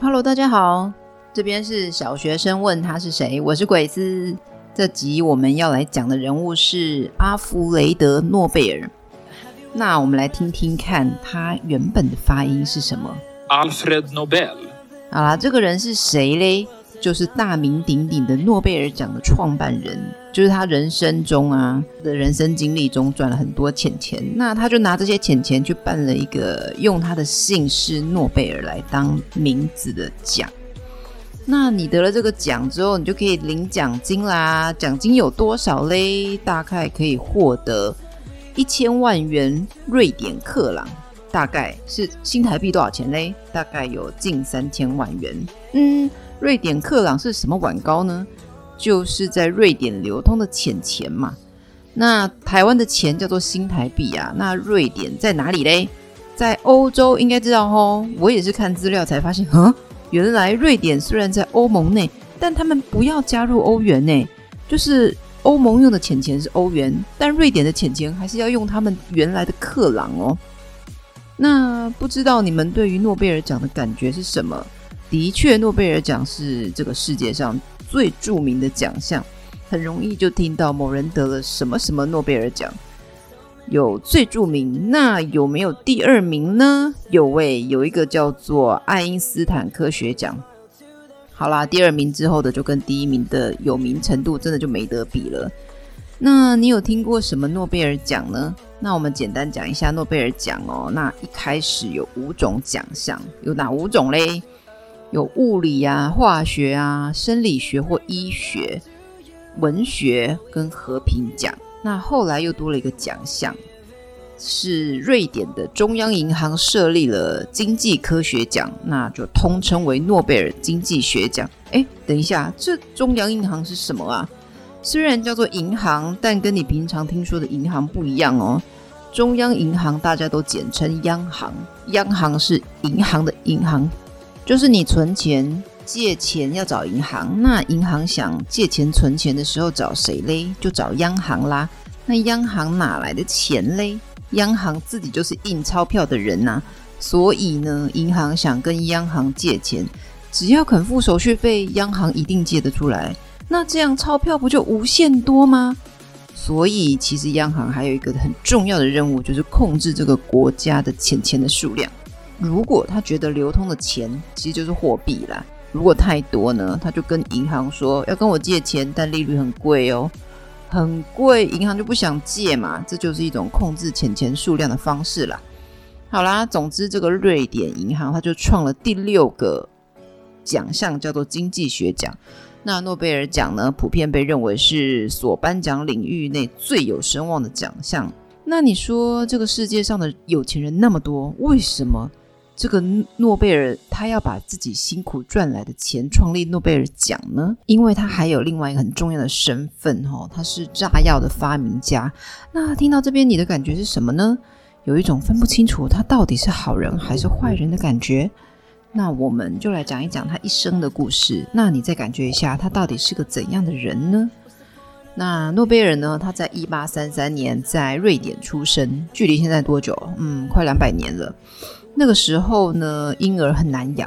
Hello，大家好，這邊是小學生問他是誰，我是鬼子。這集我們要來講的人物是阿弗雷德·諾貝爾。那我們來聽聽看他原本的發音是什麼，Alfred Nobel。好啦，這個人是誰嘞？就是大名鼎鼎的諾貝爾獎的創辦人。就是他人生中啊的人生經歷中賺了很多錢錢，那他就拿這些錢錢去辦了一個用他的姓氏諾貝爾來當名字的獎。那你得了這個獎之後，你就可以領獎金啦。獎金有多少嘞？大概可以獲得一千萬元瑞典克朗，大概是新台幣多少錢嘞？大概有近三千萬元。嗯，瑞典克朗是什麼碗糕呢？就是在瑞典流通的錢錢嘛，那台灣的錢叫做新台幣啊。那瑞典在哪裡嘞？在歐洲應該知道哦。我也是看資料才發現，嗯，原來瑞典雖然在歐盟內，但他們不要加入歐元呢、欸。就是歐盟用的錢錢是歐元，但瑞典的錢錢還是要用他們原來的克朗哦、喔。那不知道你們對於諾貝爾獎的感覺是什麼？的確，諾貝爾獎是這個世界上，最著名的獎項，很容易就聽到某人得了什麼什麼諾貝爾獎。有最著名，那有沒有第二名呢？有、欸，喂，有一個叫做愛因斯坦科學獎。好啦，第二名之後的就跟第一名的有名程度真的就沒得比了。那你有聽過什麼諾貝爾獎呢？那我們簡單講一下諾貝爾獎哦。那一開始有五種獎項，有哪五種嘞？有物理啊、化學啊、生理學或醫學、文學跟和平獎。那後來又多了一個獎項，是瑞典的中央銀行設立了經濟科學獎，那就通稱為諾貝爾經濟學獎。誒，等一下，這中央銀行是什麼啊？雖然叫做銀行，但跟你平常聽說的銀行不一樣哦。中央銀行大家都簡稱央行，央行是銀行的銀行。就是你存錢、借錢要找銀行，那銀行想借錢存錢的時候找誰嘞？就找央行啦。那央行哪來的錢嘞？央行自己就是印鈔票的人吶。所以呢，銀行想跟央行借錢，只要肯付手續費，央行一定借得出來。那這樣鈔票不就無限多嗎？所以，其實央行還有一個很重要的任務，就是控制這個國家的錢錢的數量。如果他覺得流通的錢，其實就是貨幣啦，如果太多呢，他就跟銀行說，要跟我借錢，但利率很貴哦，很貴，銀行就不想借嘛。這就是一種控制錢錢數量的方式啦。好啦，總之這個瑞典銀行他就創了第六個獎項，叫做經濟學獎。那諾貝爾獎呢，普遍被認為是所頒獎領域內最有聲望的獎項。那你說這個世界上的有錢人那麼多，為什麼？這個諾貝爾他要把自己辛苦賺來的錢創立諾貝爾獎呢？因為他還有另外一個很重要的身份，哦，他是炸藥的發明家。那聽到這邊你的感覺是什麼呢？有一種分不清楚他到底是好人還是壞人的感覺。那我們就來講一講他一生的故事。那你再感覺一下他到底是個怎樣的人呢？那諾貝爾呢？他在一八三三年在瑞典出生，距離現在多久？嗯，快兩百年了。那個時候呢，嬰兒很難養，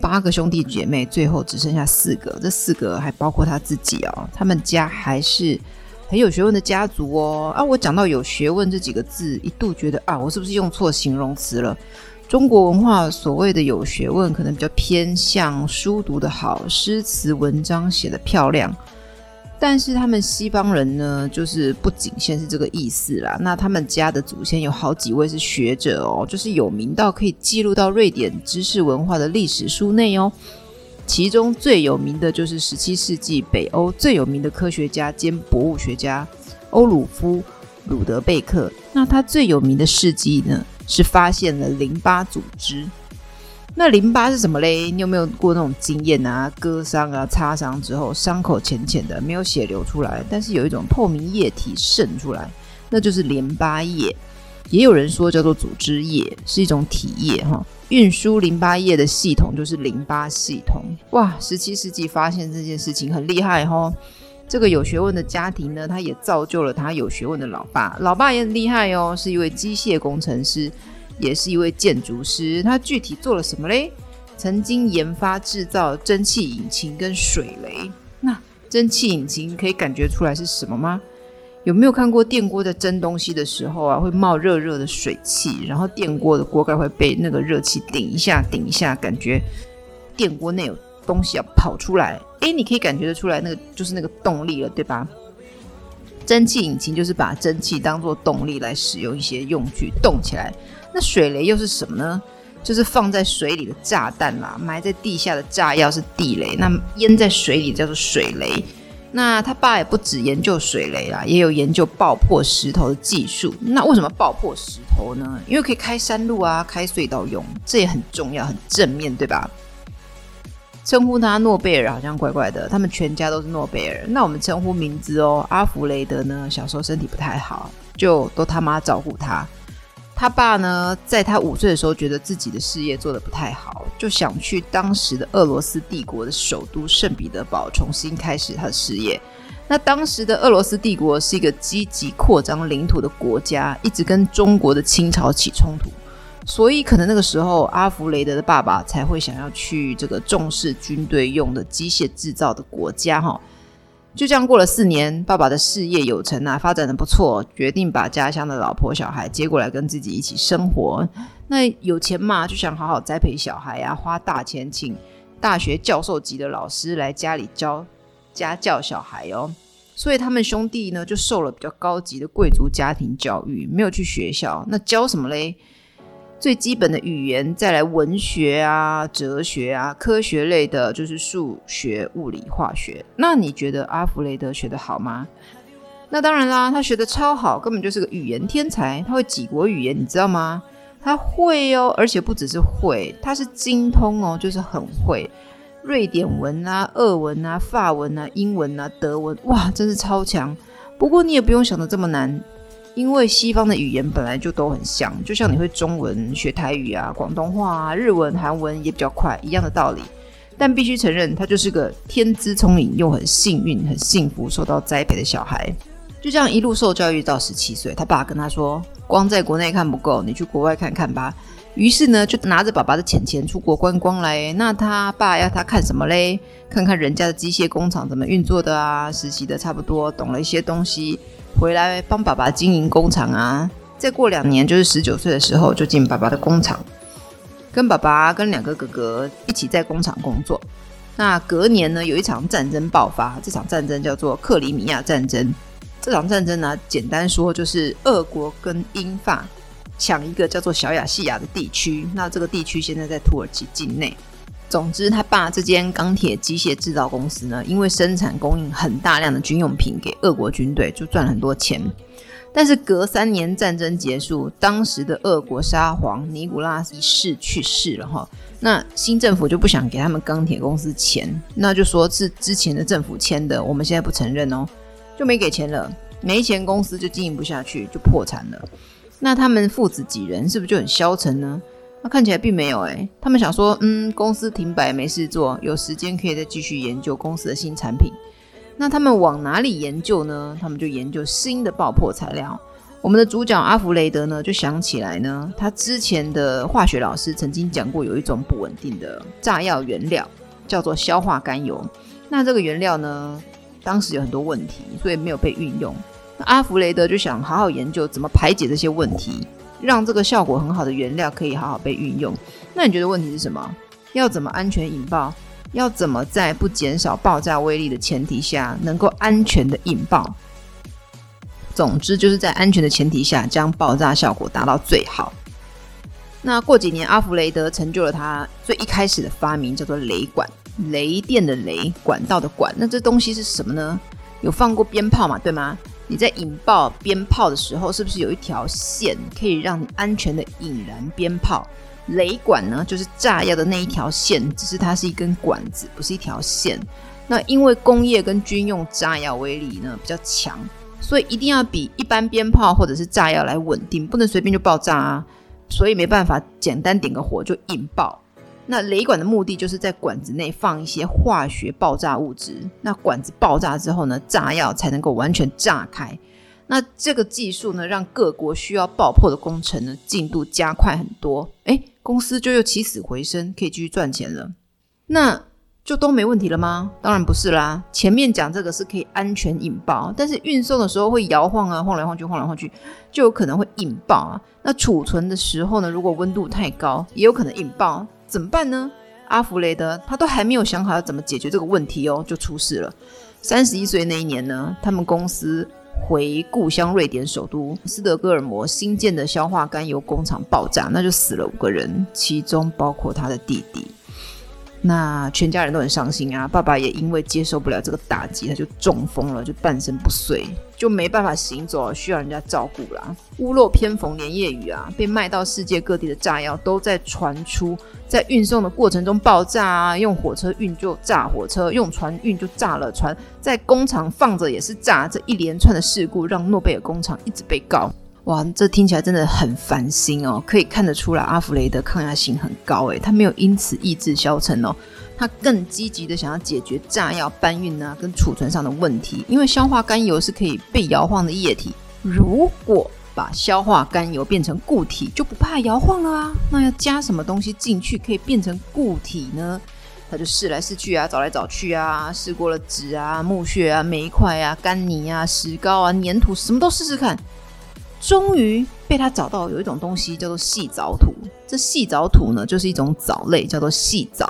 八個兄弟姐妹最後只剩下四個，這四個還包括他自己哦。他們家還是很有學問的家族哦。啊，我講到有學問這幾個字，一度覺得啊，我是不是用錯形容詞了？中國文化所謂的有學問，可能比較偏向書讀得好，詩詞文章寫得漂亮。但是他們西方人呢，就是不僅先是這個意思啦。那他們家的祖先有好幾位是學者哦，就是有名到可以記錄到瑞典知識文化的歷史書內哦。其中最有名的就是十七世紀北歐最有名的科學家兼博物學家歐魯夫·魯德貝克。那他最有名的事跡呢，是發現了淋巴組織。那淋巴是什麼嘞？你有沒有過那種經驗啊？割傷啊、擦傷之後，傷口淺淺的，沒有血流出來，但是有一種透明液體滲出來，那就是淋巴液。也有人說叫做組織液，是一種體液哈。運輸淋巴液的系統就是淋巴系統。哇，十七世紀發現這件事情很厲害吼。這個有學問的家庭呢，他也造就了他有學問的老爸，老爸也很厲害哦，是一位機械工程師也是一位建築師，他具體做了什麼嘞？曾經研發製造蒸汽引擎跟水雷。那蒸汽引擎可以感覺出來是什麼嗎？有沒有看過電鍋在蒸東西的時候啊，會冒熱熱的水汽，然後電鍋的鍋蓋會被那個熱氣頂一下頂一下，感覺電鍋內有東西要跑出來。誒、欸，你可以感覺得出來，那個就是那個動力了，對吧？蒸汽引擎就是把蒸汽當作動力來使用一些用具動起來。那水雷又是什麼呢？就是放在水裡的炸彈啦，埋在地下的炸藥是地雷，那淹在水裡叫做水雷。那他爸也不只研究水雷啦，也有研究爆破石頭的技術。那為什麼爆破石頭呢？因為可以開山路啊，開隧道用，這也很重要，很正面，對吧？稱呼他諾貝爾好像怪怪的，他們全家都是諾貝爾。那我們稱呼名字哦，阿弗雷德呢？小時候身體不太好，就都他媽照顧他。他爸呢，在他五歲的時候，覺得自己的事業做得不太好，就想去當時的俄羅斯帝國的首都聖彼得堡重新開始他的事業。那當時的俄羅斯帝國是一個積極擴張領土的國家，一直跟中國的清朝起衝突，所以可能那個時候阿弗雷德的爸爸才會想要去這個重視軍隊用的機械制造的國家，哈。就這樣過了四年，爸爸的事業有成啊，發展得不錯，決定把家鄉的老婆小孩接過來跟自己一起生活。那有錢嘛，就想好好栽培小孩呀、啊，花大錢請大學教授級的老師來家裡教家教小孩哦。所以他們兄弟呢，就受了比較高級的貴族家庭教育，沒有去學校，那教什麼嘞？最基本的語言，再來文學啊、哲學啊、科學類的，就是數學、物理、化學。那你覺得阿弗雷德學得好嗎？那當然啦，他學得超好，根本就是個語言天才。他會幾國語言，你知道嗎？他會哦，而且不只是會，他是精通哦，就是很會。瑞典文啊、俄文啊、法文啊、英文啊、德文，哇，真是超強。不過你也不用想得這麼難。因為西方的語言本來就都很像，就像你會中文、學台語啊、廣東話啊、日文、韓文也比較快，一樣的道理。但必須承認，他就是個天資聰穎又很幸運、很幸福、受到栽培的小孩。就這樣一路受教育到十七歲，他爸跟他說：“光在國內看不夠，你去國外看看吧。”於是呢，就拿着爸爸的錢錢出國觀光嘞。那他爸要他看什麼嘞？看看人家的機械工廠怎麼運作的啊，實習的差不多，懂了一些東西，回來幫爸爸經營工廠啊。再過兩年就是十九歲的時候，就進爸爸的工廠，跟爸爸跟兩個哥哥一起在工廠工作。那隔年呢，有一場戰爭爆發，這場戰爭叫做克里米亞戰爭。這場戰爭呢、啊，簡單說就是俄國跟英法搶一個叫做小亞細亞的地區。那這個地區現在在土耳其境內。總之，他爸這間鋼鐵機械製造公司呢，因為生產供應很大量的軍用品給俄國軍隊，就賺了很多錢。但是隔三年戰爭結束，當時的俄國沙皇尼古拉斯一世去世了哈，那新政府就不想給他們鋼鐵公司錢，那就說是之前的政府簽的，我們現在不承認哦。就沒給錢了，沒錢公司就經營不下去，就破產了。那他們父子幾人是不是就很消沉呢？那看起來並沒有誒、欸。他們想說，嗯，公司停擺沒事做，有時間可以再繼續研究公司的新產品。那他們往哪裡研究呢？他們就研究新的爆破材料。我們的主角阿弗雷德呢，就想起來呢，他之前的化學老師曾經講過，有一種不穩定的炸藥原料叫做硝化甘油。那這個原料呢？當時有很多問題，所以沒有被運用。那阿弗雷德就想好好研究怎麼排解這些問題，讓這個效果很好的原料可以好好被運用。那你覺得問題是什麼？要怎麼安全引爆？要怎麼在不減少爆炸威力的前提下，能夠安全的引爆？總之就是在安全的前提下，將爆炸效果達到最好。那過幾年，阿弗雷德成就了他最一開始的發明，叫做雷管。雷電的雷，管道的管，那這東西是什麼呢？有放過鞭炮嘛，對嗎？你在引爆鞭炮的時候，是不是有一條線可以讓你安全的引燃鞭炮？雷管呢，就是炸藥的那一條線，只是它是一根管子，不是一條線。那因為工業跟軍用炸藥威力呢，比較強，所以一定要比一般鞭炮或者是炸藥來穩定，不能隨便就爆炸啊。所以沒辦法，簡單點個火就引爆。那雷管的目的就是在管子內放一些化學爆炸物質，那管子爆炸之後呢，炸藥才能夠完全炸開。那這個技術呢，讓各國需要爆破的工程呢進度加快很多。欸，公司就又起死回生，可以繼續賺錢了。那就都沒問題了嗎？當然不是啦。前面講這個是可以安全引爆，但是運送的時候會搖晃啊，晃來晃去，晃來晃去，就有可能會引爆啊。那儲存的時候呢，如果溫度太高，也有可能引爆。怎麼辦呢？阿弗雷德他都還沒有想好要怎麼解決這個問題哦，就出事了。三十一歲那一年呢，他們公司回故鄉瑞典首都斯德哥爾摩新建的消化甘油工廠爆炸，那就死了五個人，其中包括他的弟弟。那全家人都很傷心啊，爸爸也因為接受不了這個打擊，他就中風了，就半身不遂，就沒辦法行走啊，需要人家照顧啦。屋漏偏逢連夜雨啊，被賣到世界各地的炸藥都在傳出，在運送的過程中爆炸啊，用火車運就炸火車，用船運就炸了船，在工廠放着也是炸。這一連串的事故讓諾貝爾工廠一直被告。哇，這聽起來真的很煩心哦。可以看得出來，阿弗雷德抗壓性很高，誒，他沒有因此意志消沉哦，他更積極地想要解決炸藥搬運啊跟儲存上的問題。因為硝化甘油是可以被搖晃的液體，如果把硝化甘油變成固體，就不怕搖晃了啊。那要加什麼東西進去可以變成固體呢？他就試來試去啊，找來找去啊，試過了紙啊、木屑啊、煤塊啊、乾泥啊、石膏啊、粘土，什麼都試試看。終於被他找到，有一種東西叫做矽藻土。這矽藻土呢，就是一種藻類，叫做矽藻。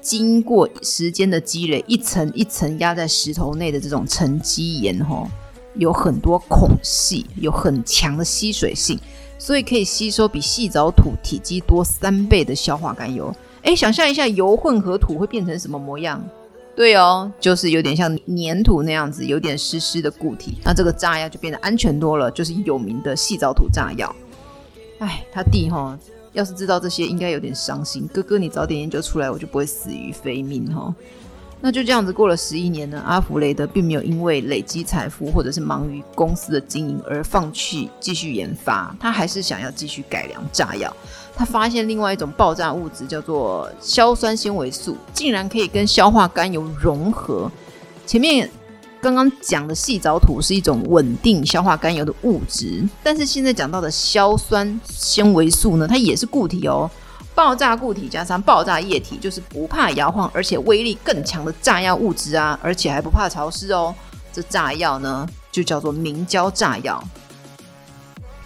經過時間的積累，一層一層壓在石頭內的這種沉積岩，哦，哈，有很多孔隙，有很強的吸水性，所以可以吸收比矽藻土體積多三倍的硝化甘油。哎，想象一下，油混合土會變成什麼模樣？對哦，就是有點像粘土那樣子，有點濕濕的固體。那這個炸藥就變得安全多了，就是有名的矽藻土炸藥。哎，他弟哈，要是知道這些，應該有點傷心。哥哥，你早點研究出來，我就不會死於非命哈。那就這樣子過了十一年呢，阿弗雷德並沒有因為累積財富或者是忙於公司的經營而放棄繼續研發，他還是想要繼續改良炸藥。他發現另外一種爆炸物質叫做硝酸纖維素，竟然可以跟硝化甘油融合。前面剛剛講的矽藻土是一種穩定硝化甘油的物質，但是現在講到的硝酸纖維素呢，它也是固體哦。爆炸固體加上爆炸液體，就是不怕搖晃，而且威力更強的炸藥物質啊！而且還不怕潮濕哦。這炸藥呢，就叫做明膠炸藥。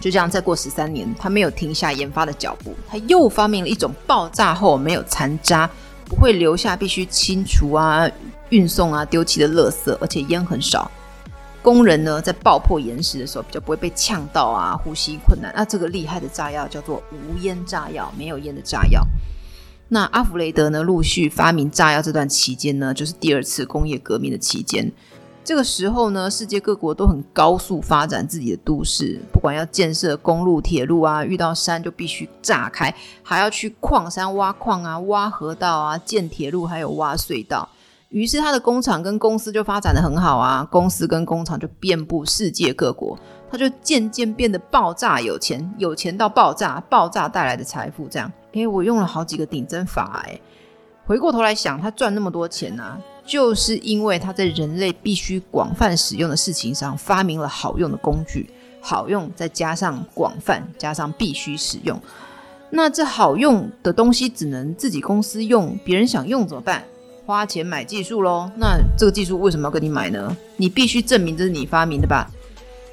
就這樣，再過十三年，他沒有停下研發的腳步，他又發明了一種爆炸後沒有殘渣，不會留下必須清除啊、運送啊、丟棄的垃圾，而且煙很少。工人呢，在爆破岩石的時候比較不會被嗆到啊，呼吸困難。那這個厲害的炸藥叫做無煙炸藥，沒有煙的炸藥。那阿弗雷德呢，陸續發明炸藥這段期間呢，就是第二次工業革命的期間。這個時候呢，世界各國都很高速發展自己的都市，不管要建設公路、鐵路啊，遇到山就必須炸開，還要去礦山挖礦啊、挖河道啊、建鐵路，還有挖隧道。於是他的工廠跟公司就發展得很好啊，公司跟工廠就遍布世界各國，他就漸漸變得爆炸有錢，有錢到爆炸，爆炸帶來的財富這樣。誒、欸，我用了好幾個頂針法、欸，哎，回過頭來想，他賺那麼多錢呢、啊，就是因為他在人類必須廣泛使用的事情上發明了好用的工具，好用再加上廣泛加上必須使用，那這好用的東西只能自己公司用，別人想用怎麼辦？花錢買技術嘍。那這個技術為什麼要跟你買呢？你必須證明這是你發明的吧？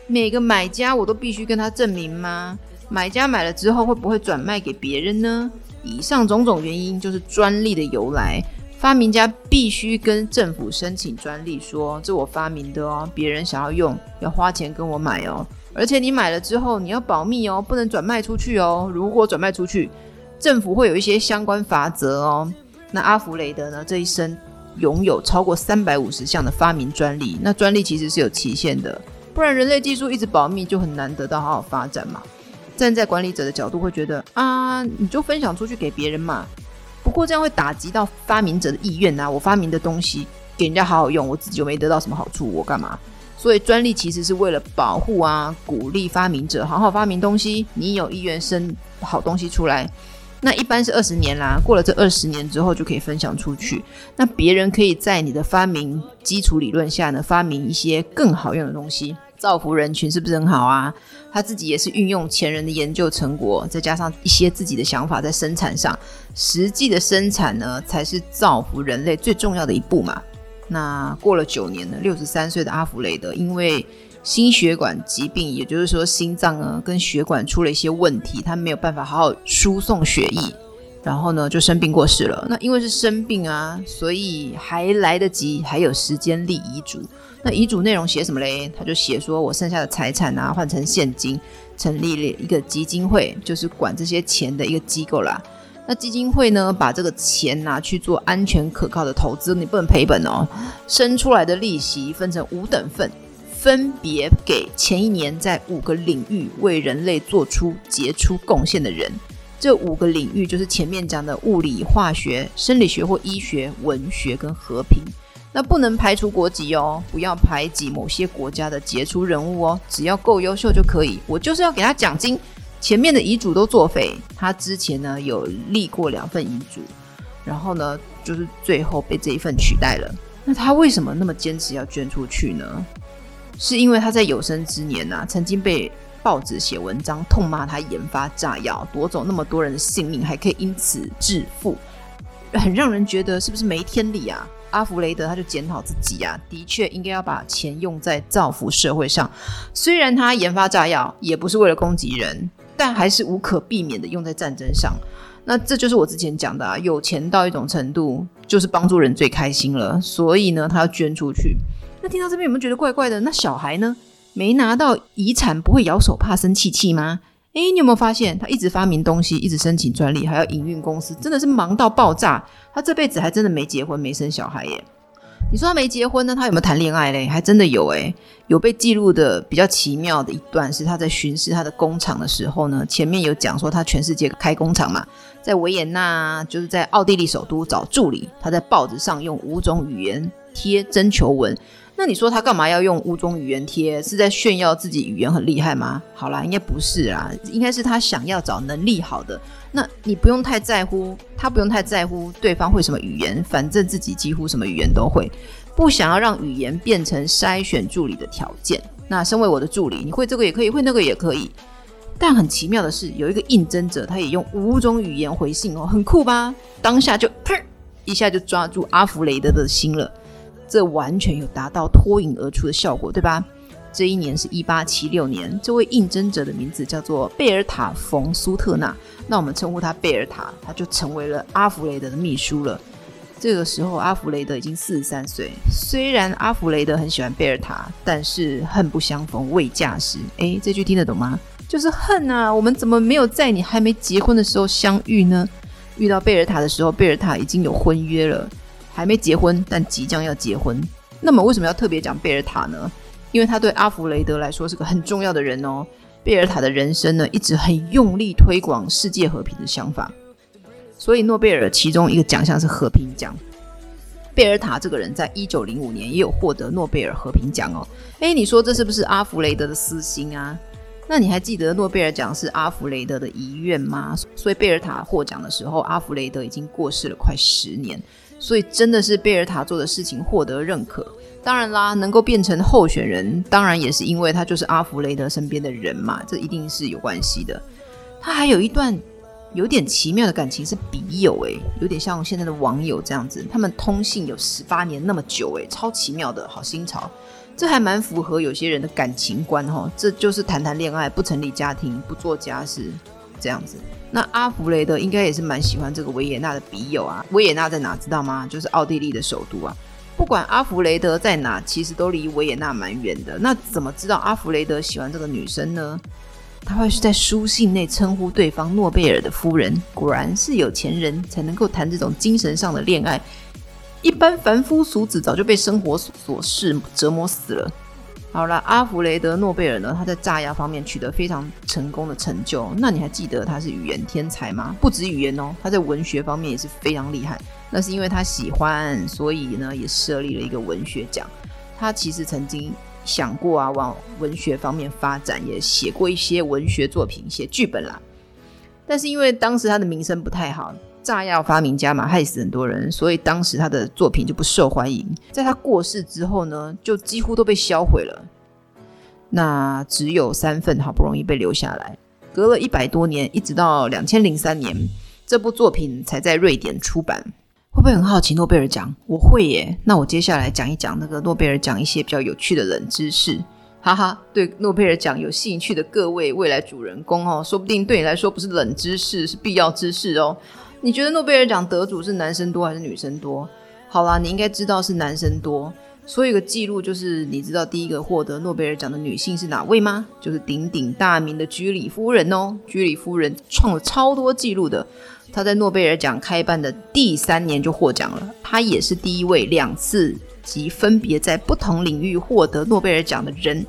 每個買家我都必須跟他證明嗎？買家買了之後會不會轉賣給別人呢？以上種種原因就是專利的由來。發明家必須跟政府申請專利說，這我發明的哦，別人想要用要花錢跟我買哦，而且你買了之後你要保密哦，不能轉賣出去哦。如果轉賣出去，政府會有一些相關法則哦。那阿弗雷德呢？這一生擁有超過三百五十項的發明專利。那專利其實是有期限的，不然人類技術一直保密，就很難得到好好發展嘛。站在管理者的角度會覺得啊，你就分享出去給別人嘛。不過這樣會打擊到發明者的意願吶、啊。我發明的東西給人家好好用，我自己又沒得到什麼好處，我幹嘛？所以專利其實是為了保護啊，鼓勵發明者好好發明東西。你有意願生好東西出來。那一般是二十年啦，過了這二十年之後就可以分享出去。那別人可以在你的發明基礎理論下呢，發明一些更好用的東西，造福人群是不是很好啊？他自己也是運用前人的研究成果，再加上一些自己的想法，在生產上實際的生產呢，才是造福人類最重要的一步嘛。那過了九年呢，六十三歲的阿弗雷德因為。心血管疾病，也就是說心臟啊跟血管出了一些問題，他沒有辦法好好輸送血液，然後呢就生病過世了。那因為是生病啊，所以還來得及，還有時間立遺囑。那遺囑內容寫什麼嘞？他就寫說，我剩下的財產啊換成現金，成立了一個基金會，就是管這些錢的一個機構啦。那基金會呢，把這個錢拿去做安全可靠的投資，你不能賠本哦。生出來的利息分成五等份。分別給前一年在五個領域為人類做出傑出貢獻的人，這五個領域就是前面講的物理、化學、生理學或醫學、文學跟和平。那不能排除國籍哦，不要排擠某些國家的傑出人物哦，只要夠優秀就可以。我就是要給他獎金，前面的遺囑都作廢。他之前呢有立過兩份遺囑，然後呢就是最後被這一份取代了。那他為什麼那麼堅持要捐出去呢？是因為他在有生之年啊，曾經被報紙寫文章痛罵他研發炸藥奪走那麼多人的性命，還可以因此致富，很讓人覺得是不是沒天理啊？阿弗雷德他就檢討自己啊，的確應該要把錢用在造福社會上。雖然他研發炸藥也不是為了攻擊人，但還是無可避免的用在戰爭上。那這就是我之前講的啊，有錢到一種程度，就是幫助人最開心了。所以呢，他要捐出去。那聽到這邊有沒有覺得怪怪的？那小孩呢？沒拿到遺產不會咬手帕生氣氣嗎？誒、欸，你有沒有發現他一直發明東西，一直申請專利，還要營運公司，真的是忙到爆炸。他這輩子還真的沒結婚，沒生小孩耶。你說他沒結婚呢，他有沒有談戀愛嘞？還真的有誒。有被記錄的比較奇妙的一段是他在巡視他的工廠的時候呢，前面有講說他全世界開工廠嘛，在維也納就是在奧地利首都找助理，他在報紙上用五種語言貼徵求文。那你說他幹嘛要用五種語言貼？是在炫耀自己語言很厲害嗎？好啦，應該不是啦。應該是他想要找能力好的。那你不用太在乎，他不用太在乎對方會什麼語言，反正自己幾乎什麼語言都會，不想要讓語言變成篩選助理的條件。那身為我的助理，你會這個也可以，會那個也可以。但很奇妙的是，有一個應徵者他也用五種語言回信哦，很酷吧？當下就砰，一下就抓住阿弗雷德的心了。這完全有達到脫穎而出的效果，對吧？這一年是一八七六年，這位應徵者的名字叫做貝爾塔·馮·蘇特納。那我們稱呼他貝爾塔，他就成為了阿弗雷德的秘書了。這個時候，阿弗雷德已經四十三歲。雖然阿弗雷德很喜歡貝爾塔，但是恨不相逢未嫁時。哎，這句聽得懂嗎？就是恨啊！我們怎麼沒有在你還沒結婚的時候相遇呢？遇到貝爾塔的時候，貝爾塔已經有婚約了。還沒結婚，但即將要結婚。那麼為什麼要特別講貝爾塔呢？因為他對阿弗雷德來說是個很重要的人哦。貝爾塔的人生呢，一直很用力推廣世界和平的想法，所以諾貝爾其中一個獎項是和平獎。貝爾塔這個人，在一九零五年也有獲得諾貝爾和平獎哦。誒，你說這是不是阿弗雷德的私心啊？那你還記得諾貝爾獎是阿弗雷德的遺願嗎？所以貝爾塔獲獎的時候，阿弗雷德已經過世了快十年。所以真的是貝爾塔做的事情獲得認可。當然啦，能夠變成候選人，當然也是因為他就是阿弗雷德身邊的人嘛，這一定是有關係的。他還有一段有點奇妙的感情是筆友、欸，誒，有點像現在的網友這樣子，他們通信有十八年那麼久、欸，誒，超奇妙的，好新潮。這還蠻符合有些人的感情觀、喔，這就是談談戀愛，不成立家庭，不做家事。這樣子，那阿弗雷德應該也是蠻喜歡這個維也納的筆友啊。維也納在哪？知道嗎？就是奧地利的首都啊。不管阿弗雷德在哪，其實都離維也納蠻遠的。那怎麼知道阿弗雷德喜歡這個女生呢？他會是在書信內稱呼對方諾貝爾的夫人。果然是有錢人才能夠談這種精神上的戀愛，一般凡夫俗子早就被生活瑣事折磨死了。好了，阿弗雷德·諾貝爾呢，他在炸藥方面取得非常成功的成就。那你還記得他是語言天才嗎？不止語言哦，他在文學方面也是非常厲害。那是因為他喜歡，所以呢也設立了一個文學獎。他其實曾經想過啊，往文學方面發展，也寫過一些文學作品、寫劇本啦。但是因為當時他的名聲不太好。炸藥發明家嘛，害死很多人，所以當時他的作品就不受歡迎。在他過世之後呢，就幾乎都被銷毀了。那只有三份好不容易被留下來。隔了一百多年，一直到兩千零三年，這部作品才在瑞典出版。會不會很好奇諾貝爾獎？我會耶。那我接下來講一講那個諾貝爾獎一些比較有趣的冷知識。哈哈，對諾貝爾獎有興趣的各位未來主人公哦，說不定對你來說不是冷知識，是必要知識哦。你覺得諾貝爾獎得主是男生多還是女生多？好啦，你應該知道是男生多。所以一個記錄就是，你知道第一個獲得諾貝爾獎的女性是哪位嗎？就是鼎鼎大名的居里夫人哦。居里夫人創了超多記錄的，她在諾貝爾獎開辦的第三年就獲獎了。她也是第一位兩次及分別在不同領域獲得諾貝爾獎的人。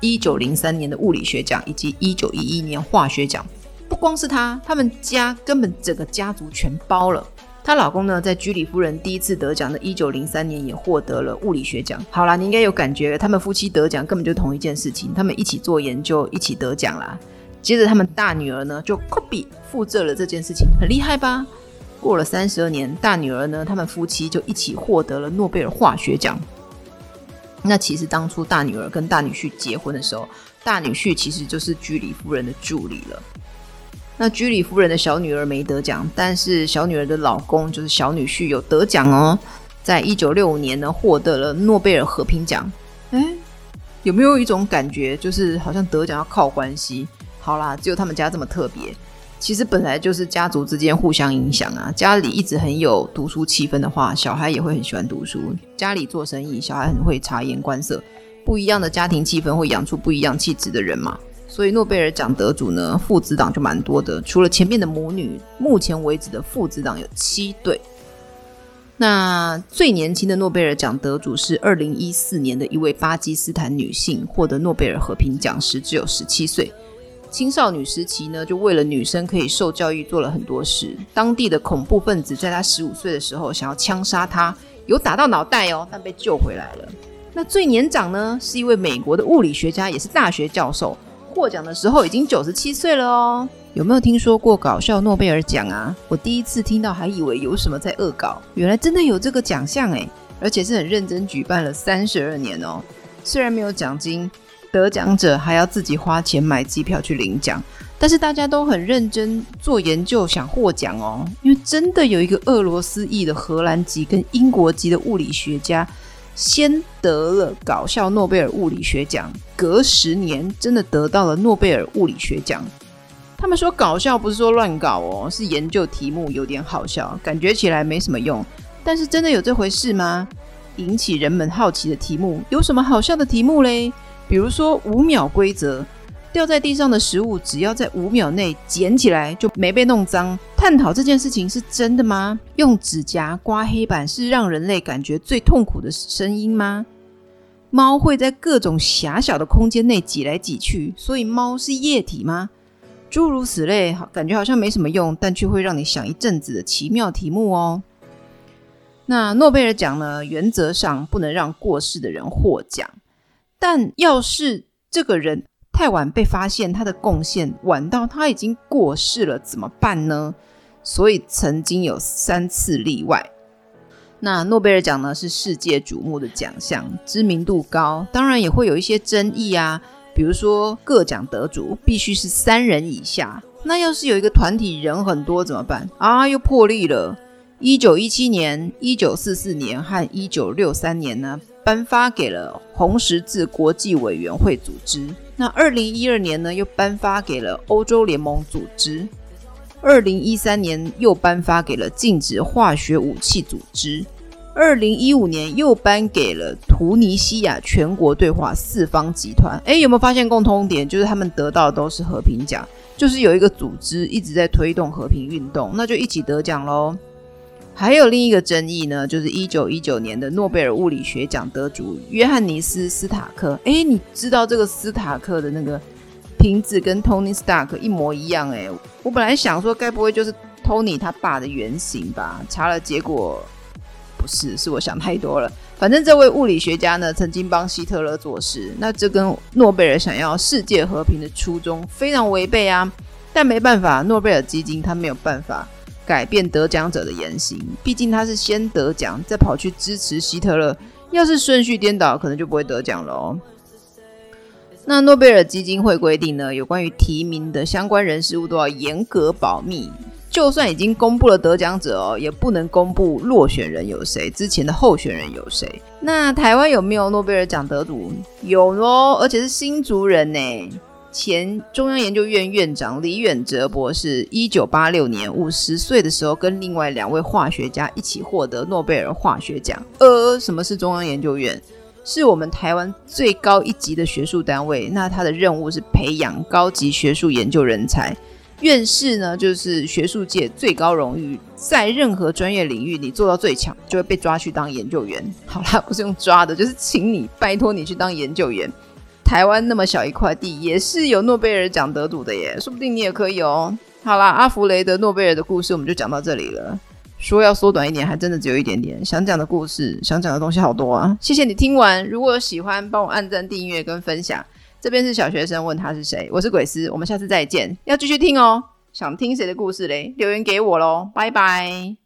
一九零三年的物理學獎以及一九一一年化學獎。不光是他，他們家根本整個家族全包了。她老公呢，在居里夫人第一次得獎的一九零三年，也獲得了物理學獎。好啦，你應該有感覺，他們夫妻得獎根本就同一件事情，他們一起做研究，一起得獎啦。接着，他們大女兒呢就 copy 複製了這件事情，很厲害吧？過了三十二年，大女兒呢，他們夫妻就一起獲得了諾貝爾化學獎。那其實當初大女兒跟大女婿結婚的時候，大女婿其實就是居里夫人的助理了。那居里夫人的小女兒沒得獎，但是小女兒的老公就是小女婿有得獎哦，在一九六五年呢獲得了諾貝爾和平獎。誒，有沒有一種感覺，就是好像得獎要靠關係？好啦，只有他們家這麼特別。其實本來就是家族之間互相影響啊。家裡一直很有讀書氣氛的話，小孩也會很喜歡讀書。家裡做生意，小孩很會察言觀色。不一樣的家庭氣氛會養出不一樣氣質的人嘛。所以諾貝爾獎得主呢，父子檔就蠻多的。除了前面的母女，目前為止的父子檔有七對。那最年輕的諾貝爾獎得主是二零一四年的一位巴基斯坦女性，獲得諾貝爾和平獎時只有十七歲。青少女時期呢，就為了女生可以受教育做了很多事。當地的恐怖分子在她十五歲的時候想要槍殺她，有打到腦袋哦，但被救回來了。那最年長呢，是一位美國的物理學家，也是大學教授。獲獎的時候已經九十七歲了喔，有沒有聽說過搞笑諾貝爾獎啊？我第一次聽到還以為有什麼在惡搞，原來真的有這個獎項欸，而且是很認真舉辦了三十二年喔。雖然沒有獎金，得獎者還要自己花錢買機票去領獎，但是大家都很認真做研究想獲獎哦，因為真的有一個俄羅斯裔的荷蘭籍跟英國籍的物理學家，先得了搞笑諾貝爾物理學獎，隔十年真的得到了諾貝爾物理學獎。他們說搞笑不是說亂搞哦，是研究題目有點好笑，感覺起來沒什麼用，但是真的有這回事嗎？引起人們好奇的題目有什麼好笑的題目嘞？比如說五秒規則，掉在地上的食物只要在五秒內撿起來就沒被弄髒。探討這件事情是真的嗎？用指甲刮黑板是讓人類感覺最痛苦的聲音嗎？貓會在各種狹小的空間內擠來擠去，所以貓是液體嗎？諸如此類，感覺好像沒什麼用，但卻會讓你想一陣子的奇妙題目哦。那諾貝爾獎呢？原則上不能讓過世的人獲獎，但要是這個人太晚被發現，他的貢獻晚到他已經過世了，怎麼辦呢？所以曾經有三次例外。那諾貝爾獎呢，是世界矚目的獎項，知名度高，當然也會有一些爭議啊。比如說，各獎得主必須是三人以下，那要是有一個團體人很多怎麼辦？啊，又破例了。一九一七年、一九四四年和一九六三年呢，頒發給了紅十字國際委員會組織。那二零一二年呢，又頒發給了歐洲聯盟組織。二零一三年又頒發給了禁止化學武器組織，二零一五年又頒給了突尼西亞全國對話四方集團。誒、欸，有沒有發現共通點？就是他們得到的都是和平獎，就是有一個組織一直在推動和平運動，那就一起得獎嘍。還有另一個爭議呢，就是一九一九年的諾貝爾物理學獎得主約翰尼斯·斯塔克。誒、欸，你知道這個斯塔克的那個？瓶子跟 Tony Stark 一模一樣，欸，誒，我本來想說，該不會就是 Tony 他爸的原型吧？查了，結果不是，是我想太多了。反正這位物理學家呢，曾經幫希特勒做事，那這跟諾貝爾想要世界和平的初衷非常違背啊。但沒辦法，諾貝爾基金他沒有辦法改變得獎者的言行，畢竟他是先得獎，再跑去支持希特勒。要是順序顛倒，可能就不會得獎了哦。那諾貝爾基金會規定呢，有關於提名的相關人事物都要嚴格保密，就算已經公布了得獎者哦，也不能公布落選人有誰，之前的候選人有誰。那台灣有沒有諾貝爾獎得主？有哦，而且是新竹人呢。前中央研究院院長李遠哲博士，一九八六年五十歲的時候，跟另外兩位化學家一起獲得諾貝爾化學獎。呃，什麼是中央研究院？是我們台灣最高一級的學術單位，那它的任務是培養高級學術研究人才。院士呢，就是學術界最高榮譽，在任何專業領域你做到最強，就會被抓去當研究員。好啦，不是用抓的，就是請你拜托你去當研究員。台灣那麼小一塊地，也是有諾貝爾獎得主的耶，說不定你也可以哦。好啦，阿弗雷德諾貝爾的故事我們就講到這裡了。說要縮短一點，還真的只有一點點。想講的故事，想講的東西好多啊！謝謝你聽完，如果有喜歡，幫我按讚、訂閱跟分享。這邊是小學生問他是誰，我是鬼師，我們下次再見。要繼續聽哦，想聽誰的故事嘞？留言給我嘍，拜拜。